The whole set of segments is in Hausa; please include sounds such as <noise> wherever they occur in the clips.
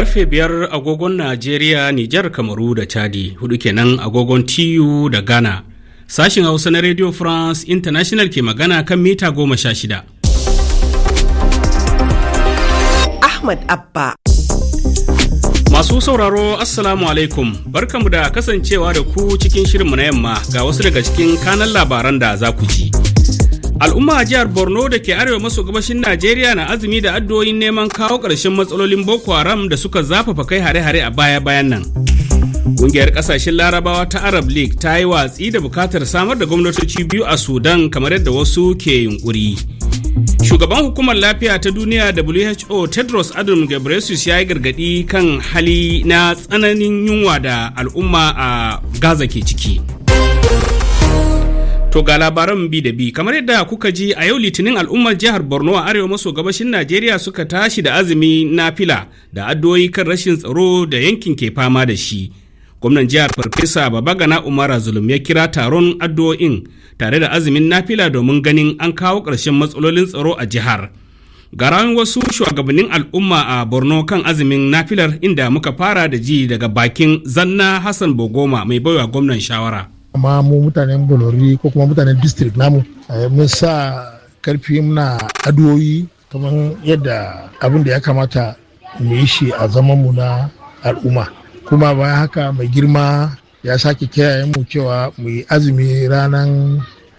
Karfe biyar agogon Najeriya, Nijar, Kamaru da Chadi, hudu kenan agogon tiyu da Ghana. Sashin Hausa na Radio France International ke magana kan mita goma sha shida. Ahmad Abba. Masu sauraro Assalamu alaikum barkamu da kasancewa da ku cikin shirinmu na yamma ga wasu daga cikin kanan labaran da za ku ji. Al'umma a jihar Borno da ke arewa maso gabashin Najeriya na azumi da addu'o'in neman kawo ƙarshen matsalolin Boko Haram da suka zafafa kai hare-hare a baya-bayan nan. Ƙungiyar ƙasashen Larabawa ta Arab League ta yi watsi da bukatar samar da gwamnatoci biyu a Sudan kamar yadda wasu ke yunƙuri. Shugaban hukumar lafiya ta duniya WHO Tedros Adhanom Ghebreyesus ya yi gargaɗi kan hali na tsananin yunwa da al'umma a Gaza ke ciki. To ga labaran bi da bi kamar yadda kuka ji a yau litinin al'ummar jihar Borno a arewa maso gabashin Najeriya suka tashi da azumi na fila da addu'o'i kan rashin tsaro da yankin ke fama da shi. Gwamnan jihar Farfesa Babagana Umara Zulum ya kira taron addu'o'in tare da azumin nafila domin ganin an kawo ƙarshen matsalolin tsaro a jihar. Garawan wasu shugabannin al'umma a Borno kan azumin nafilar inda muka fara da ji daga bakin Zanna Hassan Bogoma mai baiwa gwamnan shawara. amma mu mutanen bolori ko kuma mutanen district namu eh, mun sa karfi muna adoyi kamar yadda abin da ya kamata mu yi shi a mu na al'umma kuma bayan haka mai girma ya sake kiyaye mu cewa mu yi azumi ranar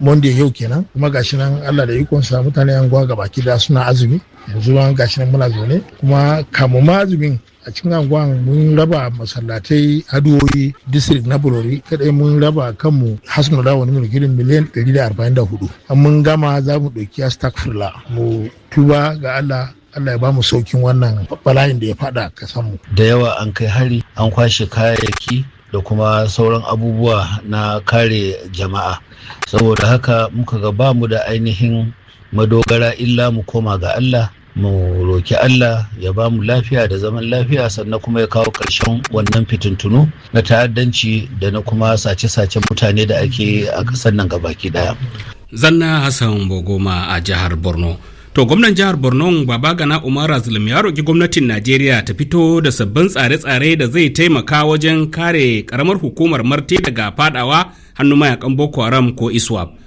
monday yau kenan kuma gashi nan allah da ikonsa mutane anguwa gaba da suna azumi yanzu gashi nan muna zaune kuma kamu ma azumin a cikin anguwan mun raba masallatai adoyi district na bulori kadai mun raba kanmu da wani girin miliyan 144 an mun gama za mu ɗauki astagfirullah mu tuba ga allah Allah ya ba mu saukin wannan bala'in da ya fada ka samu. Da yawa an kai hari an kwashe kayayyaki da kuma sauran abubuwa na kare jama'a. Saboda haka muka ga ba mu da ainihin madogara illa mu koma ga Allah mu roki Allah ya ba mu lafiya da zaman lafiya sannan kuma ya kawo ƙarshen wannan fitintunu na ta'addanci da na kuma sace-sacen mutane da ake a ƙasar nan gabaki daya. Zanna Hassan Bogoma a jihar Borno. To gwamnan jihar Borno Baba Gana Umar Azlim ya roki gwamnatin Najeriya ta fito da sabbin tsare-tsare da zai taimaka wajen kare karamar hukumar Marte daga fadawa hannu mayakan Boko Haram ko ISWAP.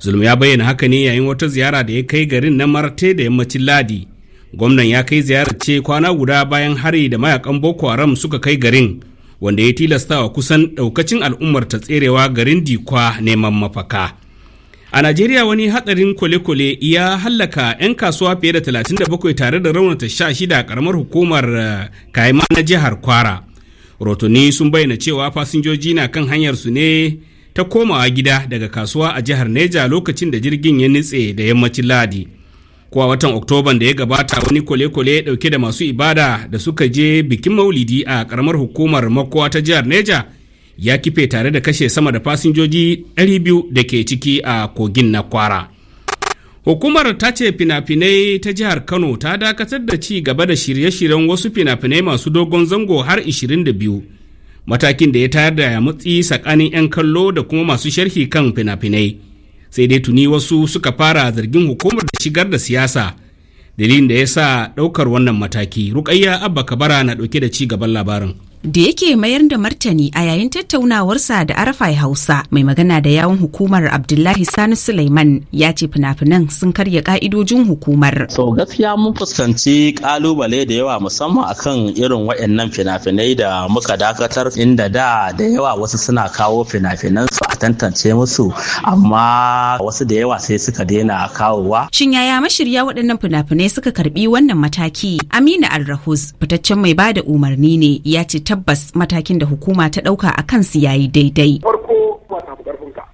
zulum ya bayyana haka ne yayin wata ziyara da ya kai garin na marte da yammacin ladi gwamnan ya kai ziyarar ce kwana guda bayan hari da mayakan boko haram suka kai garin wanda ya tilastawa kusan ɗaukacin al'ummar ta tserewa garin dikwa neman mafaka a najeriya wani hatsarin kwale-kwale ya hallaka 'yan kasuwa fiye da 37 tare da raunata 16 a karamar hukumar eh, kaima na jihar kwara rotoni sun bayyana cewa fasinjoji na kan hanyar su ne ta komawa gida daga kasuwa a jihar Neja lokacin da jirgin ya nitse da yammacin Ladi. Kuwa watan Oktoban da ya gabata wani kole-kole kwale dauke da masu ibada da suka je bikin maulidi a karamar hukumar makowa ta jihar Neja ya kife tare da kashe sama da fasinjoji biyu da ke ciki a kogin na kwara. Hukumar ta ce fina-finai ta jihar Kano ta dakatar da ci gaba da shirye-shiryen wasu fina-finai masu dogon zango har 22. matakin da ya tayar da yamutsi tsakanin 'yan kallo da kuma masu sharhi kan fina-finai sai dai tuni wasu suka fara zargin hukumar da shigar da siyasa dalilin da ya sa ɗaukar wannan mataki rukayya abba kabara na ɗauke da ci gaban labarin da yake mayar da martani a yayin tattaunawarsa da arafai hausa mai magana da yawon hukumar abdullahi sani suleiman ya ce fina-finan sun karya ka'idojin hukumar so gaskiya mun fuskanci kalubale da yawa musamman akan irin waɗannan fina-finai da muka dakatar inda da da yawa wasu suna kawo fina-finan su a tantance musu amma wasu da yawa sai suka daina kawowa shin yaya mashirya waɗannan fina-finai suka karbi wannan mataki amina alrahus fitaccen mai bada umarni ne ya ce tabbas matakin da hukuma ta ɗauka a kansu yayi daidai. Farko ba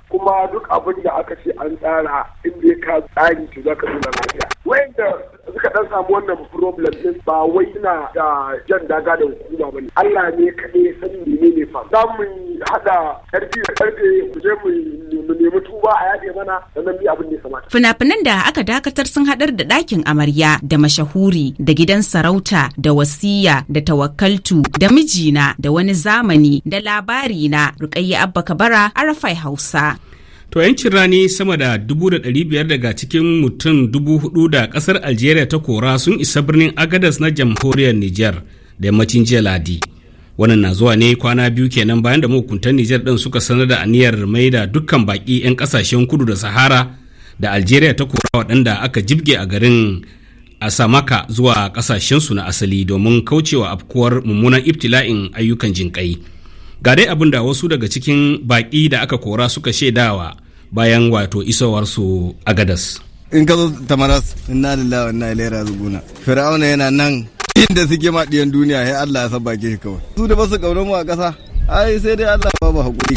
kuma duk abin da aka ce an tsara inda ka tsari to za ka nuna lafiya. da suka dan samu wannan problem din ba wai na da jan daga da hukuma ne. Allah ne kaɗai ya ne menene fa. Za mu haɗa karfi da karfe mu mu nemi tuba a yaɗe mana sannan bi abin da ya kamata. fina da aka dakatar sun haɗar da ɗakin amarya da mashahuri da gidan sarauta da wasiya da tawakkaltu da mijina da wani zamani da labari na rukayya abba kabara arafai hausa. To yancin rani sama da 1500 daga cikin mutum 4,000 da kasar Algeria ta kora sun isa birnin Agadas na jamhuriyar Nijar da yammacin jiya Ladi. wannan na zuwa ne kwana biyu kenan bayan da mahukuntan nijar ɗin suka sanar da aniyar mai da dukkan baƙi 'yan ƙasashen kudu da sahara da algeria ta kora waɗanda aka jibge a garin asamaka zuwa ƙasashensu na asali domin kaucewa afkuwar mummunan ibtila'in ayyukan jinƙai ga dai abin da wasu daga cikin baƙi da aka kora suka shaidawa bayan wato isowarsu a gadas in ka zo tamaras inna lillahi wa inna ilaihi raji'un fir'auna yana nan yin da suke maɗiyan duniya ya Allah ya saba ki kawai su da basu gauran mu a ƙasa ai sai dai Allah ba mu hakuri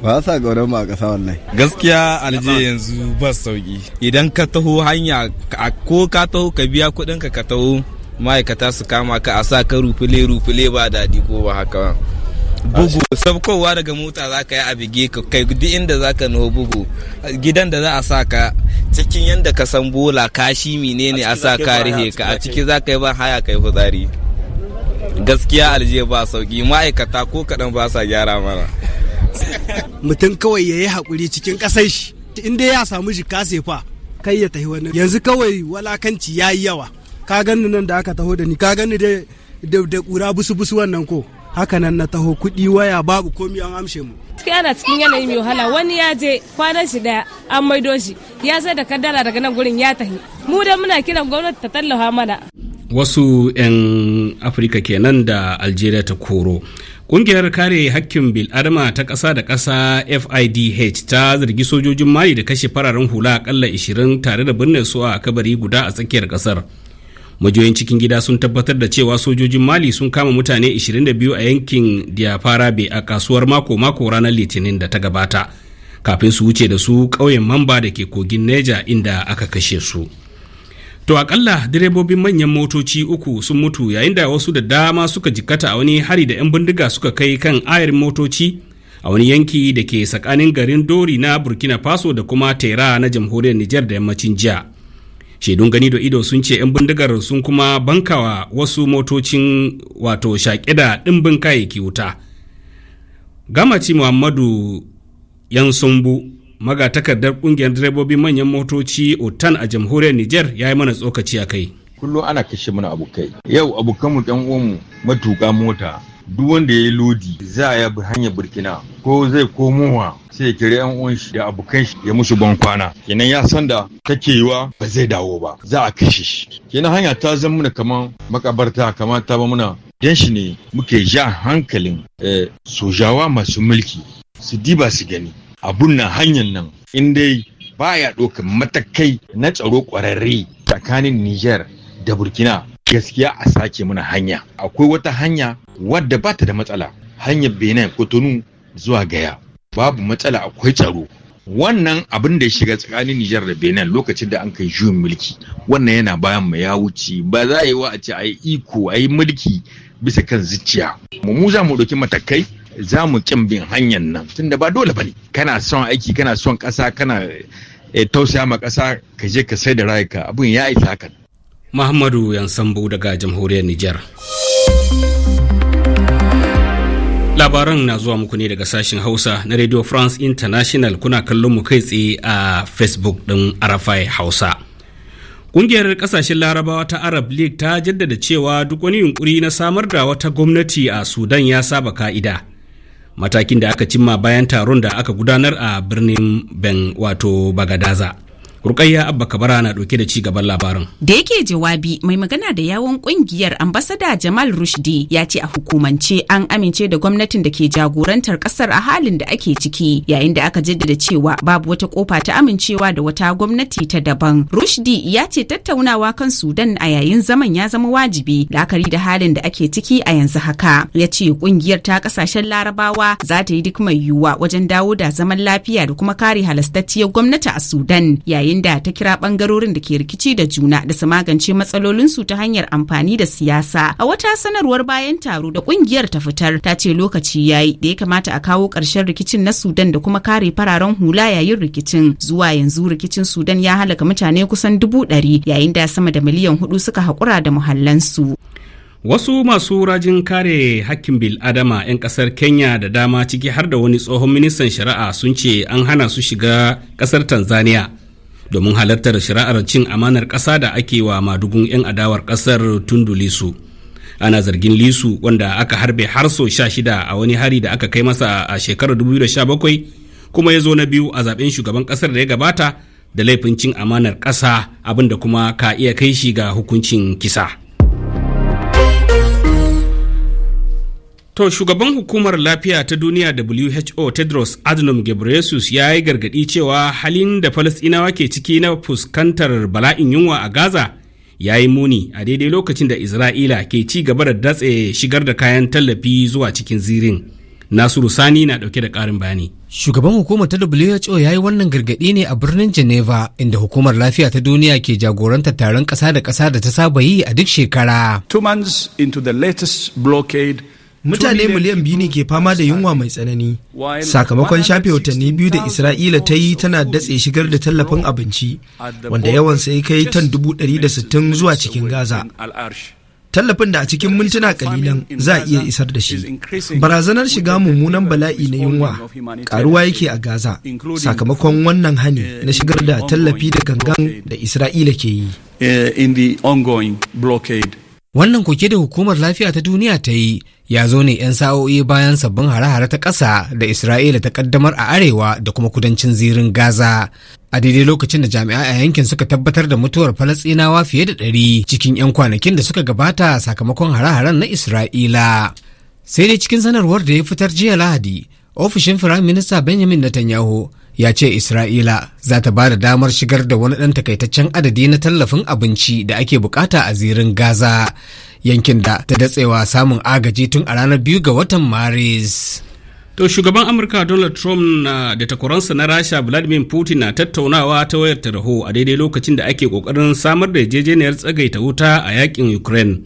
ba sa gauran mu a ƙasa wallahi gaskiya alje yanzu ba sauki idan ka taho hanya ko ka taho ka biya kuɗin ka ka taho ma'aikata su kama ka a sa ka rufule rufule ba daɗi ko ba haka ba. bugu sabkowa daga mota za ka yi a bige ka kai duk inda za ka no bugu gidan da za a sa ka cikin yadda ka san bola kashi ne a sa ka rihe ka a ciki za ka yi ban haya ka yi gaskiya aljiya ba sauki ma'aikata ko kaɗan ba sa gyara mana mutum kawai ya yi haƙuri cikin ƙasar shi in dai ya samu jika fa kai ya tafi wani yanzu kawai walakanci ya yi yawa ka gani nan da aka taho da ni ka gani da ƙura busu busu wannan ko hakanan na taho kuɗi waya babu komi an amshe mu gaskiya ana cikin yanayi mai wahala wani ya je kwanan shi daya an maido shi ya sai da kaddara daga nan gurin ya tahi mu da muna kiran gwamnati ta tallafa mana wasu 'yan afirka kenan da algeria ta koro Ƙungiyar kare hakkin bil adama ta ƙasa da ƙasa FIDH ta zargi sojojin Mali da kashe fararen hula akalla 20 tare da binne su a kabari guda a tsakiyar ƙasar. majiyoyin cikin gida sun tabbatar da cewa sojojin mali sun kama mutane 22 a yankin diafarabe a kasuwar mako-mako ranar litinin da ta gabata kafin su wuce da su ƙauyen mamba da ke kogin neja inda aka kashe su to akalla direbobin manyan motoci uku sun mutu yayin da wasu da dama suka jikkata a wani hari da 'yan bindiga suka kai kan ayar motoci a wani yanki da ke tsakanin garin dori na burkina faso da kuma tera na jamhuriyar nijar da yammacin jiya shaidun gani da ido sun ce 'yan bindigar sun kuma bankawa wasu motocin wato shaƙe da ɗimbin kayayyaki wuta gamaci muhammadu yan sumbu magatakardar ƙungiyar direbobi manyan motoci otan a jamhuriyar niger ya yi mana tsokaci a kai kullum ana kashe mana abokai yau abokanmu ɗan uwanmu matuƙa mota duk wanda ya yi lodi za a bi hanyar burkina ko zai komowa sai kira yan uwan shi da abokan shi ya musu ban kwana kenan ya san da take wa ba zai dawo ba za a kashe shi kenan hanya ta zama muna kaman makabarta kamar ta ba muna dan shi ne muke ja hankalin eh, sojawa masu mulki su diba su gani abun na hanyar nan in dai baya ɗaukar matakai na tsaro ƙwararre tsakanin Nijar da Burkina gaskiya a sake mana hanya akwai wata hanya wadda ba ta da matsala hanyar benin kotonu zuwa gaya babu matsala akwai tsaro wannan abin da ya shiga tsakanin Nijar da Benin lokacin da an kai juyin mulki wannan yana bayan mai ya wuce ba za a yi wa a ce a yi iko a yi mulki bisa kan zuciya mu za mu ɗauki matakai za mu kin bin hanyar nan tunda ba dole bane kana son aiki kana son ƙasa kana eh, tausaya ma ƙasa ka je ka sai da rayuka abin ya isa hakan Muhammadu Yansambu daga jamhuriyar Nijar. Labaran na zuwa muku ne daga sashen Hausa na Radio France International kuna kallon mu kai tsaye a Facebook ɗin Arafai Hausa. Ƙungiyar ƙasashen Larabawa ta Arab League ta jaddada cewa duk wani yunkuri na samar da wata gwamnati a Sudan ya saba ka'ida. Matakin da aka cimma bayan taron da aka gudanar a birnin Ben wato Bagadaza. Rukayya Abba Kabara na ɗauke da ci gaban labarin. Da yake jawabi mai magana da yawon ƙungiyar ambasada Jamal Rushdi ya ce a hukumance an amince da gwamnatin da ke jagorantar ƙasar a halin da ake ciki yayin da aka jaddada cewa babu wata kofa ta amincewa da wata gwamnati ta daban. Rushdi ya ce tattaunawa kan Sudan a yayin zaman ya zama wajibi la'akari da halin da ake ciki a yanzu haka. Ya ce ƙungiyar ta ƙasashen Larabawa za ta yi duk mai yiwuwa wajen dawo da zaman lafiya da kuma kare halastacciyar gwamnati a Sudan yayin yayin ta kira bangarorin da ke rikici da juna da su magance matsalolinsu ta hanyar amfani da siyasa. A wata sanarwar bayan taro da kungiyar ta fitar ta ce lokaci yayi da ya kamata a kawo ƙarshen rikicin na Sudan da kuma kare fararen hula yayin rikicin. Zuwa yanzu rikicin Sudan ya halaka mutane kusan dubu ɗari yayin da sama da miliyan hudu suka haƙura da muhallansu. Wasu masu rajin kare hakkin bil'adama 'yan kasar Kenya da dama ciki har da wani tsohon ministan shari'a sun ce an hana su shiga kasar Tanzania domin halartar shari'ar cin amanar ƙasa da ake wa madugun 'yan adawar ƙasar tundu lisu ana zargin lisu wanda aka harbe har so shida a wani hari da aka kai masa a shekarar da sha bakwai kuma ya zo na biyu a zaben shugaban ƙasar da ya gabata da laifin cin amanar ƙasa abinda kuma ka iya kai shi ga hukuncin kisa. To shugaban hukumar lafiya ta duniya WHO Tedros Adhanom Ghebreyesus ya yi gargaɗi cewa halin da Falasɗinawa ke ciki na fuskantar bala'in yunwa a Gaza ya yi muni a daidai lokacin da Isra'ila ke ci gaba da datse shigar da kayan tallafi zuwa cikin zirin. Nasiru Sani na ɗauke da ƙarin bayani. Shugaban hukumar ta WHO ya yi wannan gargaɗi ne a birnin Geneva inda hukumar lafiya ta duniya ke jagoranta taron ƙasa da ƙasa da ta saba yi a duk shekara. Two months into the latest blockade mutane miliyan biyu ne ke fama da yunwa mai tsanani sakamakon shafe watanni biyu da isra'ila ta yi tana datse shigar da tallafin abinci wanda yawan sai kai tan dubu ɗari da sittin zuwa cikin gaza tallafin da a cikin mintuna kalilan za a iya isar da shi barazanar shiga mummunan bala'i na yunwa karuwa yake a gaza sakamakon wannan hani na shigar da tallafi da gangan da isra'ila ke yi eh, in the ongoing blockade wannan koke da hukumar lafiya ta duniya ta yi ya zo ne 'yan sa'o'i bayan sabbin hare-hare ta ƙasa da isra'ila ta ƙaddamar a arewa da kuma kudancin zirin gaza a daidai lokacin da jami'a a yankin suka tabbatar da mutuwar Falasinawa fiye da ɗari cikin 'yan kwanakin da suka gabata sakamakon hare-haren na isra'ila sai dai cikin sanarwar da ya fitar jiya lahadi ofishin firayim minista benjamin netanyahu ya ce Isra'ila za ta ba da damar shigar da wani ɗan takaitaccen adadi na tallafin abinci da ake bukata a zirin Gaza yankin da ta datsewa samun agaji tun a ranar biyu ga watan Maris. To shugaban Amurka Donald Trump na da takwaransa na Rasha Vladimir Putin na tattaunawa ta wayar tarho a daidai lokacin da ake kokarin samar da yarjejeniyar tsagaita wuta a yakin Ukraine.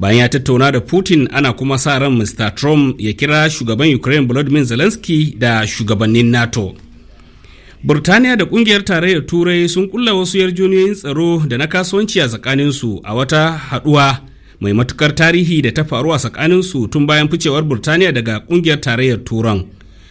Bayan ya tattauna da Putin ana kuma sa ran Mr. Trump ya kira shugaban Ukraine Volodymyr Zelensky da shugabannin NATO. Burtaniya da kungiyar tarayyar Turai sun kulla wasu yarjejeniyoyin tsaro da na kasuwanci a tsakaninsu a wata haduwa mai matukar tarihi da ta faru a tsakaninsu tun bayan ficewar Burtaniya daga kungiyar tarayyar Turan.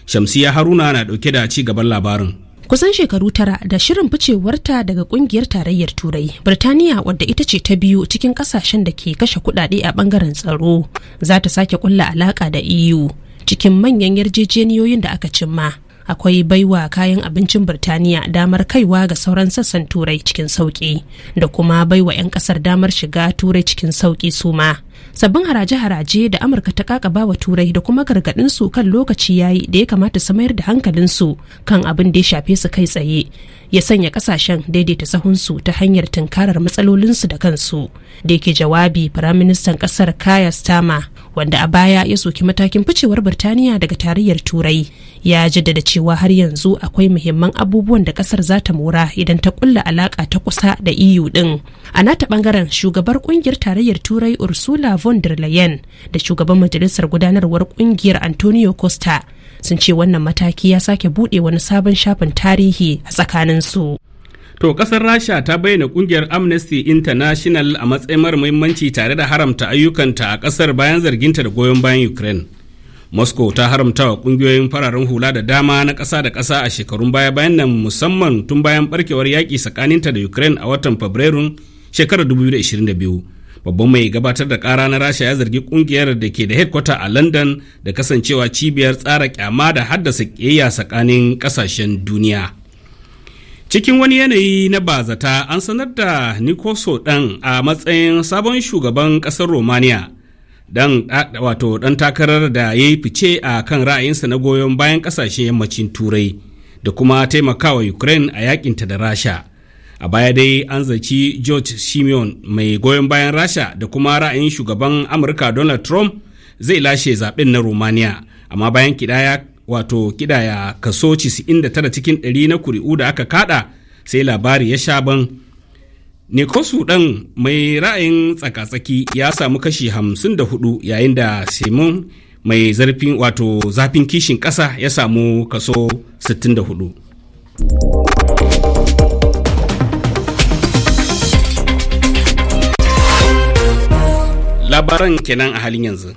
Shamsiya Haruna na dauke da ci gaban labarin. kusan shekaru tara da shirin ficewarta daga kungiyar tarayyar turai birtaniya wadda ita ce ta biyu cikin kasashen da ke kashe kudade a bangaren tsaro za ta sake kulla alaka da eu cikin manyan yarjejeniyoyin da aka cimma akwai baiwa kayan abincin Birtaniya damar kaiwa ga sauran sassan Turai cikin sauƙi da kuma baiwa 'yan ƙasar damar shiga Turai cikin sauƙi suma. sabbin haraje-haraje da amurka ta kakaba wa turai da kuma gargaɗin su kan lokaci yayi da ya kamata su mayar da hankalinsu kan abin da ya shafe su kai tsaye ya sanya kasashen daidaita sahunsu ta hanyar tunkarar matsalolinsu da kansu da yake jawabi firaministan ƙasar kaya stama wanda a baya ya soki matakin ficewar Birtaniya daga tarayyar Turai. Ya jaddada cewa har yanzu akwai muhimman abubuwan da kasar za ta mora idan ta kulla alaka ta kusa da EU din. A nata bangaren shugabar kungiyar tarayyar Turai Ursula von der Leyen da shugaban majalisar gudanarwar kungiyar Antonio Costa sun ce wannan mataki ya sake buɗe wani sabon shafin tarihi a tsakaninsu. To kasar Rasha ta bayyana kungiyar Amnesty International a matsayin mara muhimmanci tare da haramta ayyukanta a kasar bayan zarginta da goyon bayan Ukraine. Moscow ta haramta wa kungiyoyin fararen hula da dama na ƙasa da ƙasa a shekarun baya bayan nan musamman tun bayan barkewar yaƙi tsakaninta da Ukraine a watan Fabrairun shekarar 2022. Babban mai gabatar da ƙara na Rasha ya zargi ƙungiyar da ke da headquarter a London da kasancewa cibiyar tsara kyama da haddasa ƙiyayya tsakanin ƙasashen duniya. cikin wani yanayi na bazata an sanar da nikoso ɗan a matsayin sabon shugaban ƙasar romania dan wato dan takarar da ya yi fice a kan ra'ayinsa na goyon bayan ƙasashen yammacin turai da kuma taimakawa ukraine a yakinta da rasha a baya dai an zaci george simeon mai goyon bayan rasha da kuma ra'ayin shugaban amurka donald trump zai lashe zaben na romania amma bayan kidaya wato kidaya kaso 99 cikin 100 na kuri'u da aka kaɗa sai labari ya sha ban Nikosu ɗan mai ra'ayin tsakatsaki ya samu kashi 54 yayin da Simon mai zarfin wato zafin kishin ƙasa ya samu kaso 64. Labaran kenan a halin yanzu.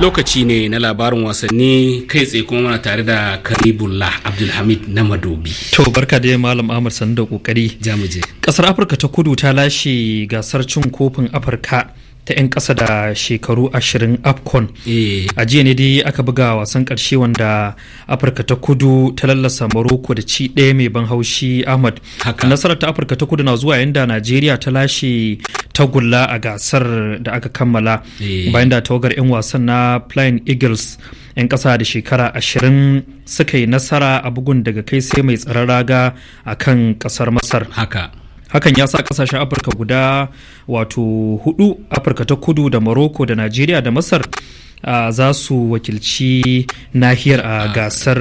lokaci ne na labarin wasanni kai tsaye kuma muna tare da karibullah abdulhamid na madobi to barka da malam ahmad sanu da kokari jamuje kasar afirka ta kudu ta lashe gasar cin kofin afirka ta 'yan ƙasa da shekaru ashirin afcon e. a jiya ne dai aka buga wasan ƙarshe wanda afirka ta kudu ta lallasa maroko da ci ɗaya mai ban haushi ahmad nasarar ta afirka ta kudu na zuwa yadda najeriya ta lashe tagulla a gasar da aka kammala e. bayan da tawagar 'yan wasan na flying eagles 'yan ƙasa da shekara ashirin suka yi nasara a bugun daga kai sai mai tsararraga a kan ƙasar masar haka hakan ya sa kasashen afirka guda wato hudu afirka ta kudu da morocco da najeriya da masar Uh, za su wakilci nahiyar a uh, gasar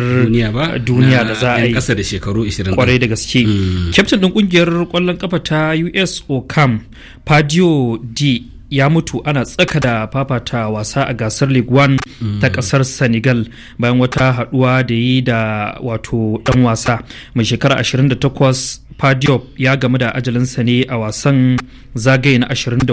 duniya da za a yi kasa da shekaru 20 kwarai da gaske hmm. kyaftin din kungiyar kwallon kafa ta us ocam padio d ya mutu ana tsaka da fafata wasa a gasar one mm. ta kasar Senegal bayan wata haduwa da yi da wato dan wasa mai shekara 28 Padiop ya gamu da ajalinsa ne a wasan zagaye na 24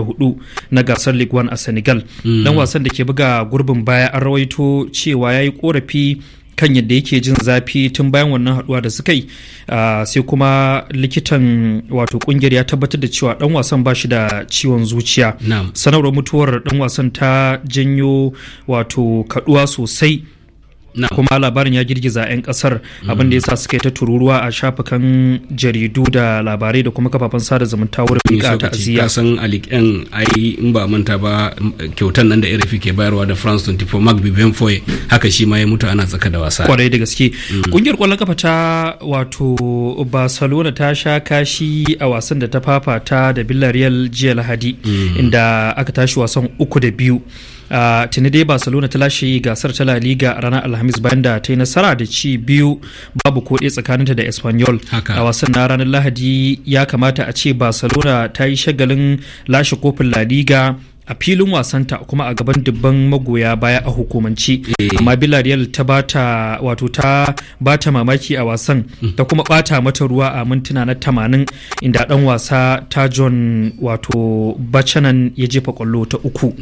na gasar league one a Senegal. Mm. Dan wasan da ke buga gurbin baya an rawaito cewa ya yi korafi kan yadda yake jin zafi tun bayan wannan haduwa da suka yi ah, sai kuma likitan wato kungiyar ya tabbatar da cewa dan wasan ba shi da ciwon zuciya sanarwar mutuwar dan wasan ta janyo wato kaduwa sosai kuma labarin ya girgiza 'yan kasar abinda ya sa suka yi ta tururuwa a shafukan jaridu da labarai da kuma kafafen sada zumunta wurin mika ta aziya san alik yan ai in ba manta ba kyautan nan da rfi ke bayarwa da france 24 mark bibin foy haka shi ma ya mutu ana tsaka da wasa kwarai da gaske kungiyar mm. kwallon kafa ta wato barcelona ta sha kashi a wasan da ta fafata da villarreal jiya lahadi mm. inda aka tashi wasan uku da biyu a tuni dai barcelona ta lashe gasar ta la liga ranar alhamis bayan da ta yi nasara da ci biyu babu ɗaya tsakaninta da espanyol a wasan na ranar lahadi ya kamata a ce barcelona ta yi shagalin lashe kofin la liga a filin wasanta kuma a gaban dubban magoya baya a hukumance eh. amma bilariyar ta bata wato ta bata mamaki a wasan hmm. ta kuma bata mata ruwa a mintuna na tamanin inda dan wasa ta john wato bacanan ya jefa kwallo ta uku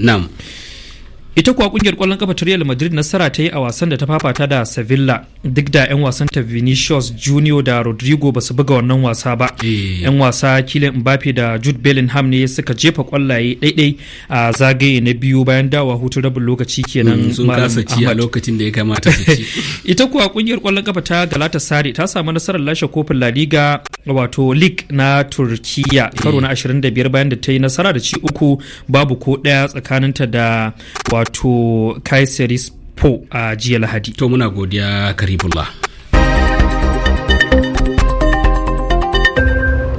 ita kuwa kungiyar kwallon kafa ta Real Madrid nasara ta yi a wasan da ta fafata da Sevilla duk da 'yan wasan ta Vinicius Junior da Rodrigo basu buga wannan wasa ba. 'Yan eh. wasa Kylian Mbappe da Jude Bellingham ne suka jefa kwallaye daidai a zagaye na biyu bayan dawa hutun rabin lokaci kenan sun kasa ci a lokacin da ya kamata <laughs> ita kuwa kungiyar kwallon kafa ta Galatasaray ta samu nasarar lashe kofin La Liga wato league na Turkiya karo na 25 eh. bayan da ta yi nasara da ci uku babu ko daya tsakaninta da wato kaiseris po a jiya lahadi to muna godiya karibullah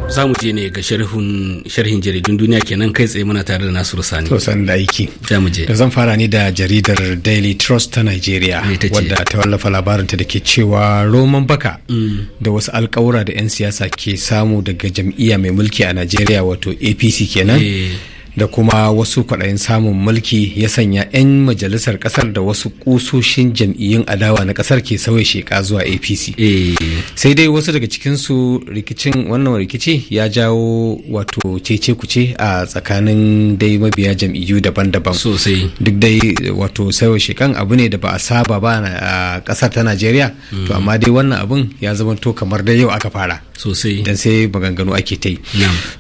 za mu je ne ga sharhin jaridun duniya kenan kai tsaye muna tare da nasiru sani to da aiki za mu je da zan fara ne da jaridar daily trust ta nigeria wadda ta wallafa labarinta da ke cewa roman baka mm. da wasu alkawura da 'yan siyasa ke samu daga jam'iyya mai mulki a nigeria wato apc kenan eh. da kuma wasu kwaɗayin samun mulki ya sanya 'yan majalisar ƙasar da wasu ƙusoshin jam'iyyun adawa na ƙasar ke sauya sheka zuwa apc eh. sai dai wasu daga cikinsu rikicin wannan rikici ya jawo wato cece kuce a tsakanin dai mabiya jam'iyyu daban-daban sosai duk dai wato sauya shekan abu ne da ba a saba ba a ƙasar ta najeriya to mm. amma dai wannan abun ya zama to kamar dai yau aka fara sosai dan sai maganganu ake ta yi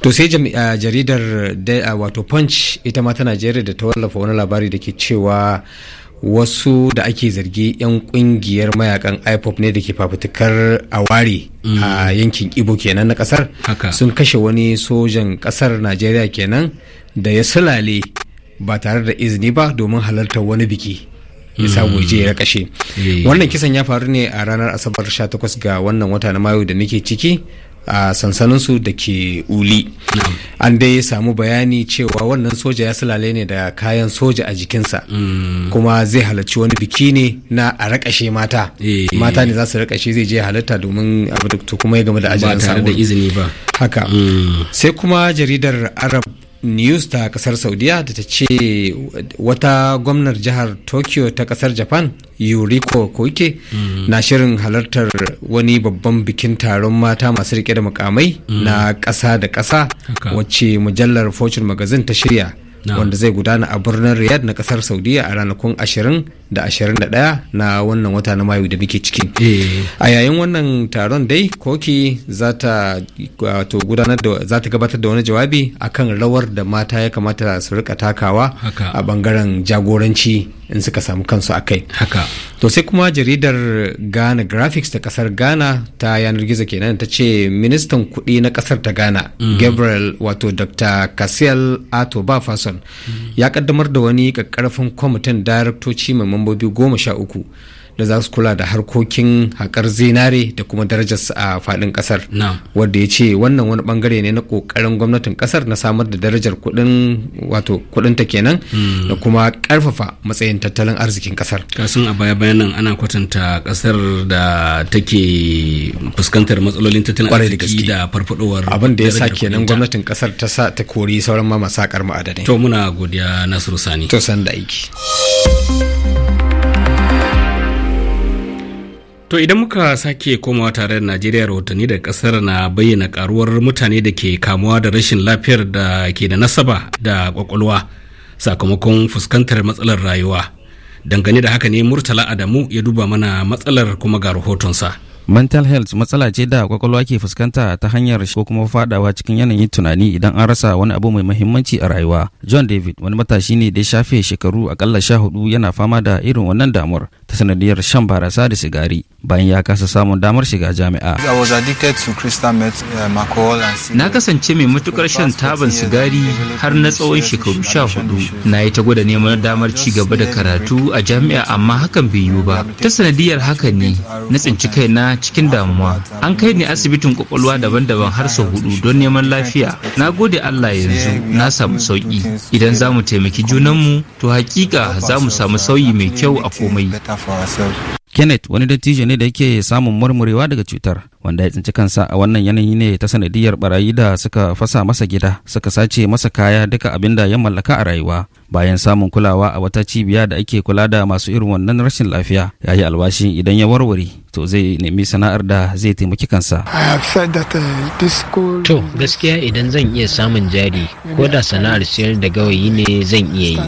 to sai jaridar wato punch ita ma ta najeriya da ta wallafa wani labari da ke cewa wasu da ake zargi 'yan kungiyar mayakan ipop ne da ke fafutukar a ware mm. a yankin ibo kenan na kasar sun kashe wani sojan kasar najeriya kenan da ya sulale ba tare da izini ba domin halartar wani biki ya sa mm. ya kashe eh. wannan kisan ya faru ne a ranar asabar 18 ga wannan wata na mayu da nake ciki a sansaninsu da ke uli an dai samu bayani cewa wannan soja ya sulale ne da kayan soja a jikinsa mm. kuma zai halarci wani biki ne na a rakashe mata eh. mata ne za su rakashe zai je halarta domin abu da kuma ya game da ajiyar ba ba haka mm. sai kuma jaridar arab news ta kasar saudiya da ta ce wata gwamnar jihar tokyo ta kasar japan yuriko koike mm. na shirin halartar wani babban bikin taron mata masu rike da mukamai mm. na ƙasa da ƙasa wacce mujallar fortune magazine ta shirya wanda zai gudana a birnin riyadh na kasar saudiya a ranakun ashirin da ashirin da ɗaya na wannan wata na mayu da muke ciki eh. a yayin wannan taron dai koki za ta gabatar da wani jawabi akan rawar da mata ya kamata su rika takawa a bangaren jagoranci in suka samu kansu a kai to sai kuma jaridar ghana graphics ta kasar ghana ta yanar gizo kenan ta ce ministan kuɗi na kasar ta ghana mm. gabriel wato dr kasiel ato bafason mm. ya kaddamar da wani karfin kwamitin daraktoci mai mambobi goma sha uku da za su kula da harkokin haƙar zinare da kuma darajar a faɗin ƙasar wadda ya ce wannan wani ɓangare ne na ƙoƙarin gwamnatin ƙasar na samar da darajar kuɗin wato kuɗinta kenan hmm. da kuma ƙarfafa matsayin tattalin arzikin ƙasar kasan a baya bayan nan ana kwatanta ƙasar da take fuskantar matsalolin tattalin arziki da farfadowar abin da ya sa kenan gwamnatin ƙasar ta sa ta kori sauran ma masakar ma'adanai to muna godiya nasiru sani to san da aiki To idan muka sake komawa tare da Najeriya rahotanni da kasar na bayyana karuwar mutane da ke kamuwa da rashin lafiyar da ke da nasaba da kwakwalwa sakamakon fuskantar matsalar rayuwa. Dangane da haka ne Murtala Adamu ya duba mana matsalar kuma ga rahotonsa. mental health matsala ce da kwakwalwa ke fuskanta ta hanyar ko kuma fadawa cikin yanayin tunani idan an rasa wani abu mai mahimmanci a rayuwa john david wani matashi ne da ya shafe shekaru akalla sha hudu yana fama da irin wannan damuwar ta sanadiyar shan barasa da sigari bayan ya kasa samun damar shiga jami'a. Um, na kasance mai matukar shan taban sigari har na tsawon shekaru sha hudu. Na yi ta gwada neman damar ci gaba da karatu a jami'a amma hakan bai yiwu ba. Ta sanadiyar haka ne na tsinci kaina cikin damuwa. An kai ni asibitin kwakwalwa daban-daban har sau hudu don neman lafiya. Na gode Allah yanzu na samu sauki. Idan za mu taimaki junanmu to hakika za mu samu sauyi mai kyau a komai. Kenneth wani dattijo ne da yake samun murmurewa daga cutar wanda ya tsinci kansa a wannan yanayi ne ta sanadiyar barayi da suka fasa masa gida suka sace masa kaya duka abin da ya mallaka a rayuwa bayan samun kulawa a wata cibiya da ake kula da masu irin wannan rashin lafiya ya yi alwashi idan ya warware to zai nemi sana'ar da zai taimaki kansa. Uh, to gaskiya idan zan iya samun jari ko da sana'ar siyar da gawayi ne zan iya yi.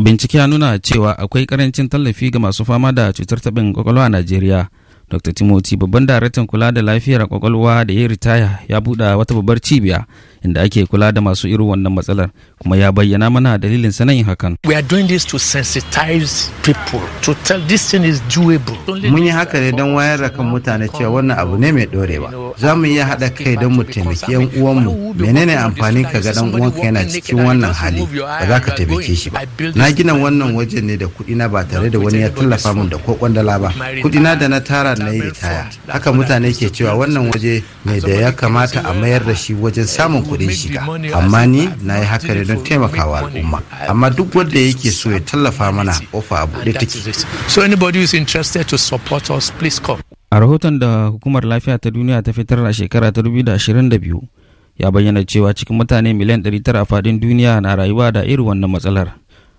bincike ya nuna cewa akwai karancin tallafi ga masu fama da cutar taɓin kwakwalwa a najeriya dr timothy babban daraktan kula da lafiyar kwakwalwa da ya ritaya ya buɗe wata babbar cibiya inda ake kula da masu irin wannan matsalar kuma ya bayyana mana dalilin sanayin hakan. We are doing this to sensitize people to tell this thing is doable. Mun yi haka ne don wayar da kan mutane cewa wannan abu ne mai dorewa. Za mu iya haɗa kai don mu taimaki yan uwan uwanmu. Menene amfani ka ga dan uwanka yana cikin wannan hali ba za ka taimake shi ba. Na gina wannan wajen ne da kuɗi na ba tare da wani ya tallafa min da ko kwandala ba. kuɗina da na tara na yi ritaya. Haka mutane ke cewa wannan waje ne da ya kamata a mayar da shi wajen samun kuɗi. kuɗin shiga amma ni na yi haka ne don taimakawa al'umma amma duk wanda yake so ya tallafa mana ofa a buɗe take so anybody is interested to support us please come a rahoton da hukumar lafiya ta duniya ta fitar a shekara ta 2022 ya bayyana cewa cikin mutane miliyan 900 a fadin duniya na rayuwa da irin wannan matsalar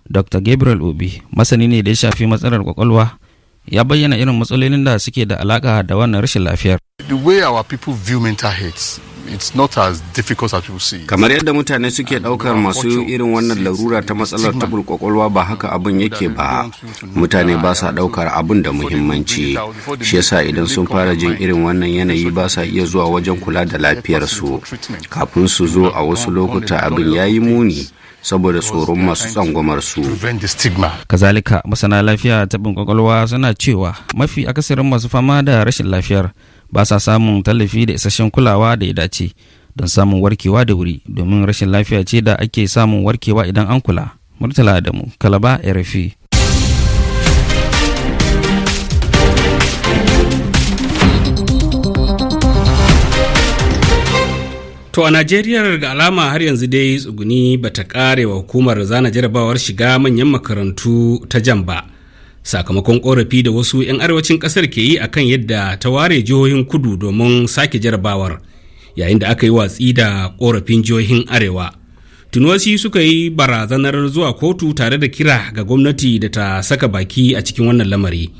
dr gabriel obi masani ne da ya shafi matsalar kwakwalwa ya bayyana irin matsalolin da suke da alaka da wannan rashin lafiyar the way our people view mental health it's not as difficult as people see kamar yadda mutane suke daukar masu irin wannan larura ta matsalar tabul kwakwalwa ba haka abin yake ba mutane ba sa daukar abin da muhimmanci shi yasa idan sun fara jin irin wannan yanayi ba sa iya zuwa wajen kula da lafiyarsu kafin su zo a wasu lokuta abin yayi muni saboda tsoron masu tsangwamar su. Kazalika masana lafiya bin kwakwalwa suna cewa mafi akasarin masu fama da rashin lafiyar ba sa samun tallafi da isasshen kulawa da ya dace don samun warkewa da wuri domin rashin lafiya ce da ake samun warkewa idan an kula murtala adamu kalaba rfi To a Najeriya ga alama har yanzu dai tsuguni bata kare wa hukumar zana jarabawar shiga manyan makarantu ta jan ba. sakamakon korafi da wasu 'yan arewacin kasar ke yi akan yadda ta ware jihohin kudu domin sake jarabawar yayin da aka yi watsi da korafin jihohin arewa tunwasi suka yi barazanar zuwa kotu tare da kira ga gwamnati da ta saka baki a cikin wannan lamari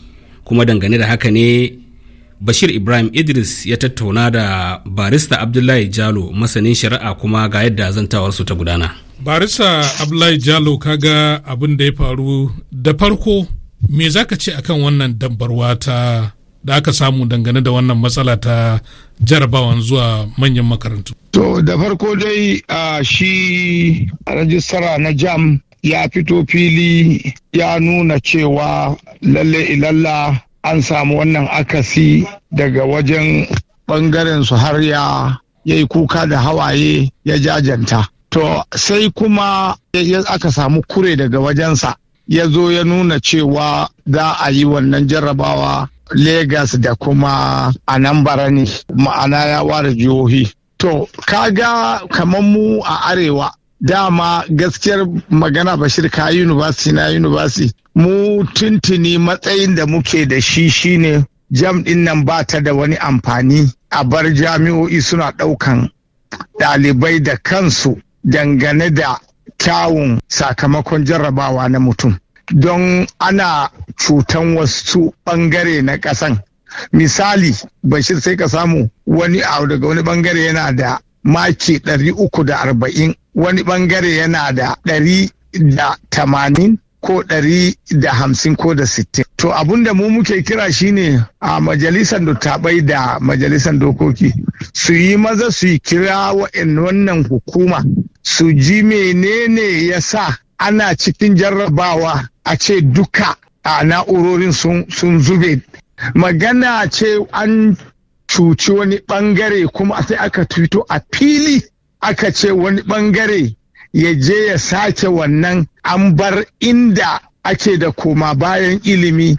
kuma dangane da haka ne bashir ibrahim idris ya tattauna da barista abdullahi jalo masanin shari'a kuma ga yadda zantawarsu ta gudana barista abdullahi jalo kaga abin da ya faru da farko me za ka ce akan wannan dambarwa ta da aka samu dangane da wannan matsala ta jarabawan zuwa manyan makarantu? To da farko dai a shi rajistara na jam ya fito fili ya nuna cewa lalle ilalla an samu wannan akasi daga wajen bangaren su har ya yi kuka da hawaye ya jajanta. To sai kuma aka samu kure daga wajensa ya zo ya nuna cewa za a yi wannan jarrabawa Legas da kuma Anambra ne ma'ana ya ware jihohi. To, kaga kamar mu a arewa dama gaskiyar magana bashir ka university na university mu tuntuni matsayin da muke da shi shine jam din nan ba ta da wani amfani a bar jami'o'i suna ɗaukan ɗalibai da kansu dangane da kyawun sakamakon jarrabawa na mutum don ana cutan wasu bangare na kasan, misali bashir sai ka samu wani abu daga wani bangare yana da maki arba'in. wani bangare yana da 180 ko ɗari da hamsin ko da sittin. To abun da mu muke kira shine a majalisar dattabai da majalisar dokoki su yi maza su yi kira wa'in wannan hukuma su ji menene ya sa ana cikin jarrabawa a ce duka a na'urorin sun zube. Magana ce an cuci wani bangare kuma sai aka tuto a fili aka ce wani bangare ya je ya sace wannan an bar inda ake da koma bayan ilimi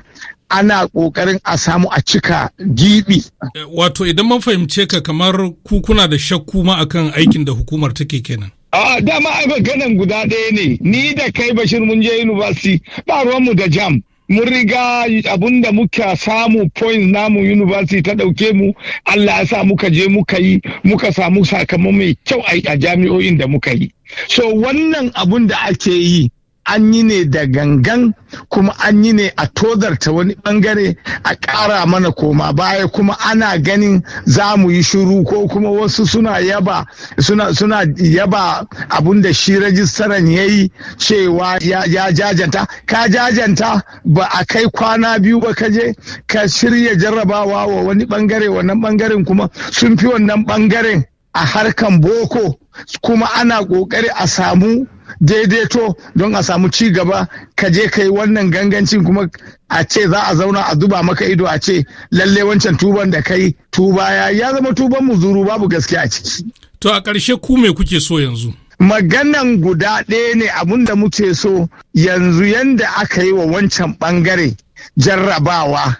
ana ƙoƙarin a samu a cika gibi. Eh, wato idan man fahimce ka kamar kuna da shakku ma akan aikin da hukumar take kenan. A dama ai ganin guda ɗaya ne, ni da kai Bashir mun je university ba ruwanmu da jam. Mun riga abun da muka samu points namu university ta ɗauke mu, Allah ya sa muka je muka yi, muka samu sakamako mai kyau a jami'o'in da muka yi. So wannan abun da ake yi an yi ne da gangan kuma an yi ne a tozarta wani bangare a ƙara mana koma baya kuma ana ganin za mu yi shiru ko kuma wasu suna yaba suna suna yaba abun shi rajistaran ya yi cewa ya jajanta ka jajanta ba a kai kwana biyu ba kaje ka shirya jarrabawa wa wani bangare wannan bangaren kuma sun fi wannan bangaren a harkan boko kuma ana kokari a samu daidaito don a samu ci gaba ka je ka yi wannan gangancin kuma a ce za a zauna a zuba maka ido a ce lalle wancan tuban da kai tuba ya ya zama tuban mu muzuru babu gaskiya a ciki. To a ƙarshe ku me kuke so yanzu? Maganan guda ɗaya ne abun da muke so yanzu yanda aka yi wa wancan ɓangare jarrabawa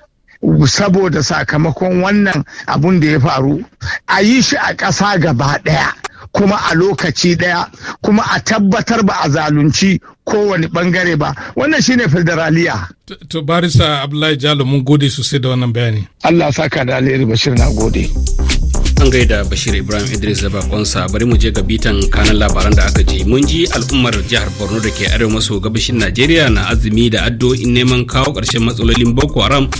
saboda sakamakon wannan abun da ya faru a yi shi a ƙasa gaba ɗaya kuma a lokaci ɗaya kuma a tabbatar ba a zalunci kowane bangare ba wannan shine federaliya. To barisa Abdullahi Jalo mun gode sosai da wannan bayani. Allah saka da alheri Bashir na gode. an gaida bashir ibrahim idris da bakonsa bari mu je ga bitan kanan labaran da aka ji mun ji al'ummar jihar borno da ke arewa maso gabashin najeriya na azumi da addu'o'in neman kawo ƙarshen matsalolin boko haram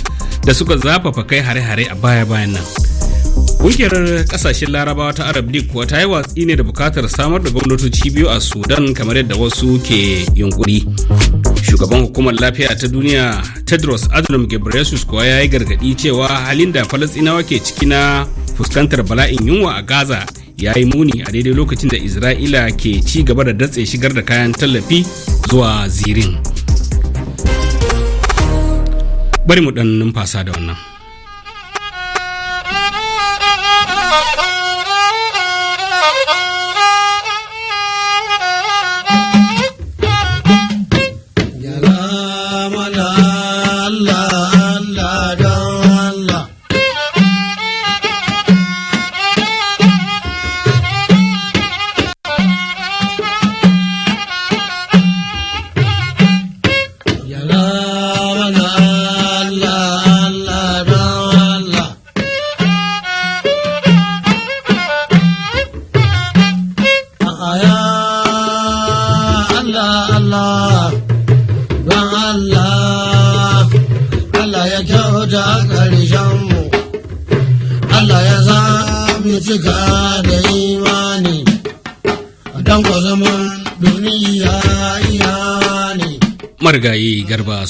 da suka zafafa kai hare-hare a baya-bayan nan Ƙungiyar ƙasashen larabawa ta Arab League kuwa ta yi watsi ne da bukatar samar da gwamnatoci biyu a Sudan kamar yadda wasu ke yunkuri. Shugaban hukumar lafiya ta duniya Tedros Adhanom Ghebreyesus kuwa ya yi gargaɗi cewa halin da Falasɗinawa ke ciki na fuskantar bala'in yunwa a Gaza ya yi muni a daidai lokacin da Isra'ila ke ci gaba da datse shigar da kayan tallafi zuwa zirin. Bari mu ɗan numfasa da wannan. Oh, Garbazo.